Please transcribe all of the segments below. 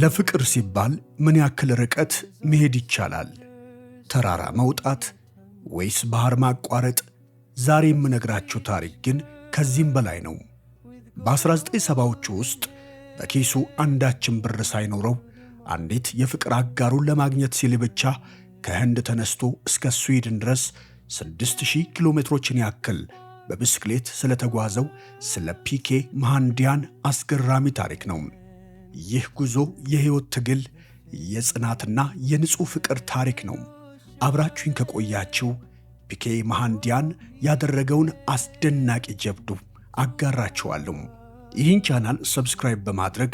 ለፍቅር ሲባል ምን ያክል ርቀት መሄድ ይቻላል? ተራራ መውጣት ወይስ ባህር ማቋረጥ? ዛሬ የምነግራችሁ ታሪክ ግን ከዚህም በላይ ነው። በ1970ዎቹ ውስጥ በኪሱ አንዳችን ብር ሳይኖረው አንዲት የፍቅር አጋሩን ለማግኘት ሲል ብቻ ከህንድ ተነስቶ እስከ ስዊድን ድረስ 6000 ኪሎ ሜትሮችን ያክል በብስክሌት ስለተጓዘው ስለ ፒኬ መሃንዲያን አስገራሚ ታሪክ ነው። ይህ ጉዞ የሕይወት ትግል፣ የጽናትና የንጹሕ ፍቅር ታሪክ ነው። አብራችሁኝ ከቆያችሁ ፒኬ መሃንዲያን ያደረገውን አስደናቂ ጀብዱ አጋራችኋለሁ። ይህን ቻናል ሰብስክራይብ በማድረግ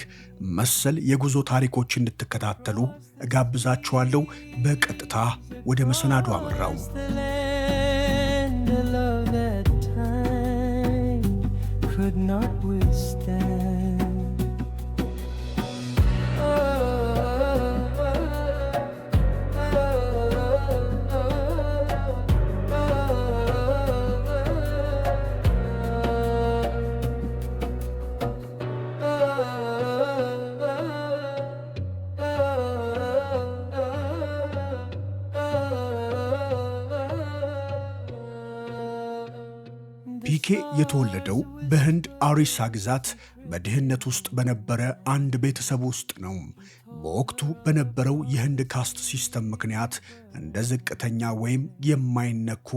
መሰል የጉዞ ታሪኮች እንድትከታተሉ እጋብዛችኋለሁ። በቀጥታ ወደ መሰናዶ አመራው። not ፒኬ የተወለደው በህንድ አሪሳ ግዛት በድህነት ውስጥ በነበረ አንድ ቤተሰብ ውስጥ ነው። በወቅቱ በነበረው የህንድ ካስት ሲስተም ምክንያት እንደ ዝቅተኛ ወይም የማይነኩ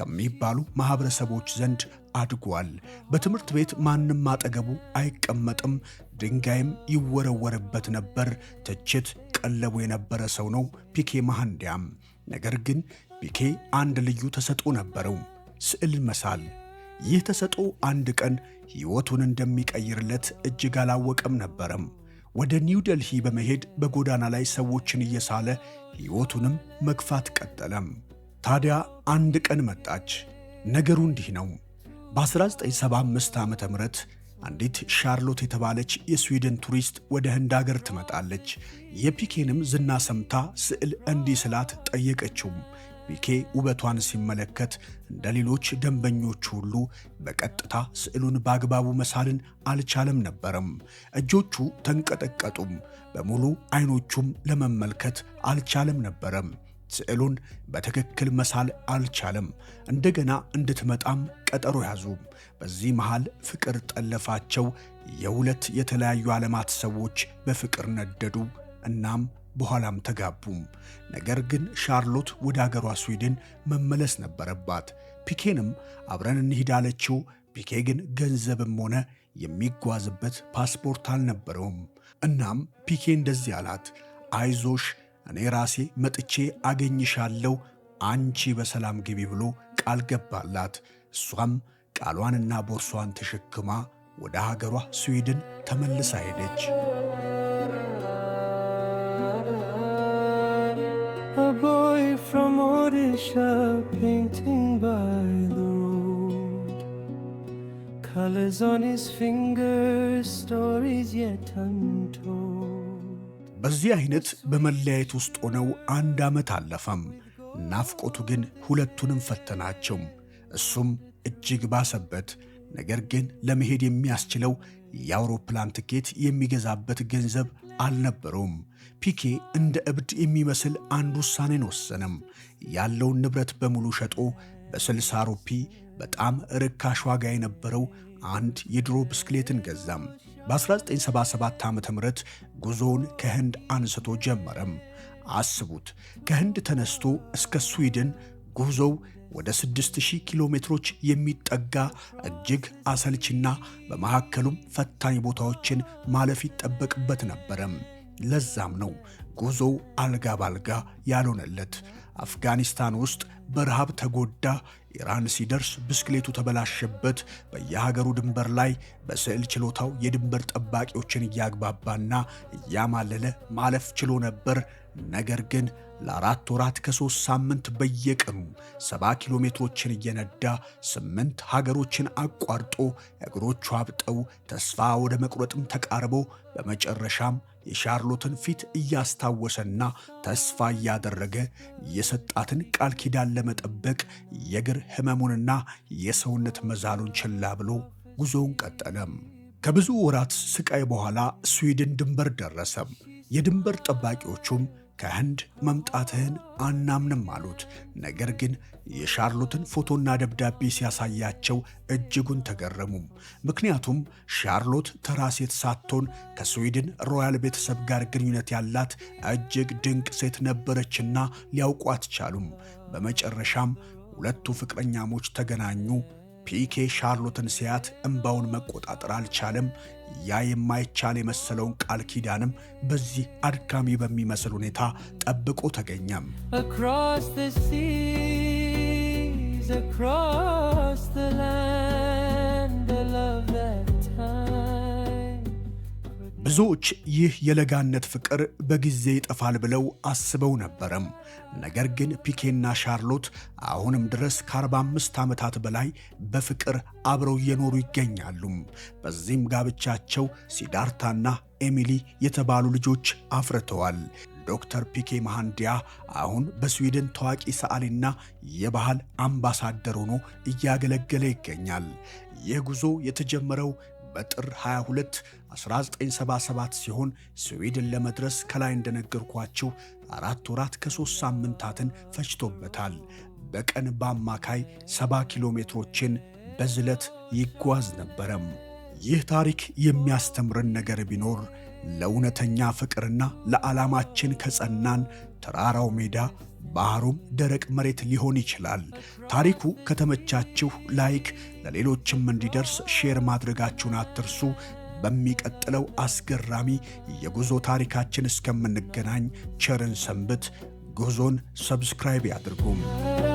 ከሚባሉ ማህበረሰቦች ዘንድ አድጓል። በትምህርት ቤት ማንም አጠገቡ አይቀመጥም፣ ድንጋይም ይወረወርበት ነበር። ትችት ቀለቡ የነበረ ሰው ነው ፒኬ ማሃንዲያም። ነገር ግን ፒኬ አንድ ልዩ ተሰጥኦ ነበረው፣ ስዕል መሳል ይህ ተሰጦ አንድ ቀን ሕይወቱን እንደሚቀይርለት እጅግ አላወቀም ነበረም። ወደ ኒው ደልሂ በመሄድ በጎዳና ላይ ሰዎችን እየሳለ ሕይወቱንም መግፋት ቀጠለም። ታዲያ አንድ ቀን መጣች። ነገሩ እንዲህ ነው። በ1975 ዓ ም አንዲት ሻርሎት የተባለች የስዊድን ቱሪስት ወደ ህንድ አገር ትመጣለች። የፒኬንም ዝና ሰምታ ስዕል እንዲስላት ጠየቀችውም። ቢኬ ውበቷን ሲመለከት እንደ ሌሎች ደንበኞች ሁሉ በቀጥታ ስዕሉን በአግባቡ መሳልን አልቻለም ነበርም። እጆቹ ተንቀጠቀጡም፣ በሙሉ አይኖቹም ለመመልከት አልቻለም ነበርም። ስዕሉን በትክክል መሳል አልቻለም። እንደገና እንድትመጣም ቀጠሮ ያዙ። በዚህ መሃል ፍቅር ጠለፋቸው። የሁለት የተለያዩ ዓለማት ሰዎች በፍቅር ነደዱ። እናም በኋላም ተጋቡም። ነገር ግን ሻርሎት ወደ አገሯ ስዊድን መመለስ ነበረባት። ፒኬንም አብረን እንሂድ አለችው። ፒኬ ግን ገንዘብም ሆነ የሚጓዝበት ፓስፖርት አልነበረውም። እናም ፒኬ እንደዚህ አላት፣ አይዞሽ እኔ ራሴ መጥቼ አገኝሻለሁ፣ አንቺ በሰላም ግቢ ብሎ ቃል ገባላት። እሷም ቃሏንና ቦርሷን ተሸክማ ወደ ሀገሯ ስዊድን ተመልሳ ሄደች። A boy from Odisha painting by the road. Colors on his fingers, stories yet untold. በዚህ አይነት በመለያየት ውስጥ ሆነው አንድ ዓመት አለፈም። ናፍቆቱ ግን ሁለቱንም ፈተናቸው። እሱም እጅግ ባሰበት። ነገር ግን ለመሄድ የሚያስችለው የአውሮፕላን ትኬት የሚገዛበት ገንዘብ አልነበረውም። ፒኬ እንደ እብድ የሚመስል አንድ ውሳኔን ወሰነም። ያለውን ንብረት በሙሉ ሸጦ በ60 ሮፒ በጣም ርካሽ ዋጋ የነበረው አንድ የድሮ ብስክሌትን ገዛም። በ1977 ዓ ም ጉዞውን ከህንድ አንስቶ ጀመረም። አስቡት፣ ከህንድ ተነስቶ እስከ ስዊድን ጉዞው ወደ 6000 ኪሎ ሜትሮች የሚጠጋ እጅግ አሰልችና በመካከሉም ፈታኝ ቦታዎችን ማለፍ ይጠበቅበት ነበረም። ለዛም ነው ጉዞው አልጋ ባልጋ ያልሆነለት። አፍጋኒስታን ውስጥ በረሃብ ተጎዳ። ኢራን ሲደርስ ብስክሌቱ ተበላሸበት። በየሀገሩ ድንበር ላይ በስዕል ችሎታው የድንበር ጠባቂዎችን እያግባባና እያማለለ ማለፍ ችሎ ነበር። ነገር ግን ለአራት ወራት ከሶስት ሳምንት በየቀኑ ሰባ ኪሎ ሜትሮችን እየነዳ ስምንት ሀገሮችን አቋርጦ እግሮቹ አብጠው ተስፋ ወደ መቁረጥም ተቃርቦ በመጨረሻም የሻርሎትን ፊት እያስታወሰና ተስፋ እያደረገ የሰጣትን ቃል ኪዳን ለመጠበቅ የእግር ህመሙንና የሰውነት መዛሉን ችላ ብሎ ጉዞውን ቀጠለም። ከብዙ ወራት ስቃይ በኋላ ስዊድን ድንበር ደረሰም። የድንበር ጠባቂዎቹም ከህንድ መምጣትህን አናምንም አሉት። ነገር ግን የሻርሎትን ፎቶና ደብዳቤ ሲያሳያቸው እጅጉን ተገረሙም። ምክንያቱም ሻርሎት ተራ ሴት ሳትሆን ከስዊድን ሮያል ቤተሰብ ጋር ግንኙነት ያላት እጅግ ድንቅ ሴት ነበረችና ሊያውቋት ቻሉም። በመጨረሻም ሁለቱ ፍቅረኛሞች ተገናኙ። ፒኬ ሻርሎትን ሲያት እምባውን መቆጣጠር አልቻለም። ያ የማይቻል የመሰለውን ቃል ኪዳንም በዚህ አድካሚ በሚመስል ሁኔታ ጠብቆ ተገኘም። ብዙዎች ይህ የለጋነት ፍቅር በጊዜ ይጠፋል ብለው አስበው ነበረም። ነገር ግን ፒኬና ሻርሎት አሁንም ድረስ ከ45 ዓመታት በላይ በፍቅር አብረው እየኖሩ ይገኛሉ። በዚህም ጋብቻቸው ሲዳርታና ኤሚሊ የተባሉ ልጆች አፍርተዋል። ዶክተር ፒኬ መሃንዲያ አሁን በስዊድን ታዋቂ ሰዓሊና የባህል አምባሳደር ሆኖ እያገለገለ ይገኛል። ይህ ጉዞ የተጀመረው በጥር 22 1977 ሲሆን ስዊድን ለመድረስ ከላይ እንደነገርኳችሁ አራት ወራት ከሶስት ሳምንታትን ፈጅቶበታል። በቀን በአማካይ 70 ኪሎ ሜትሮችን በዝለት ይጓዝ ነበረም። ይህ ታሪክ የሚያስተምርን ነገር ቢኖር ለእውነተኛ ፍቅርና ለዓላማችን ከጸናን ተራራው ሜዳ ባህሩም ደረቅ መሬት ሊሆን ይችላል። ታሪኩ ከተመቻችሁ ላይክ፣ ለሌሎችም እንዲደርስ ሼር ማድረጋችሁን አትርሱ። በሚቀጥለው አስገራሚ የጉዞ ታሪካችን እስከምንገናኝ ቸርን ሰንብት። ጉዞን ሰብስክራይብ ያድርጉም።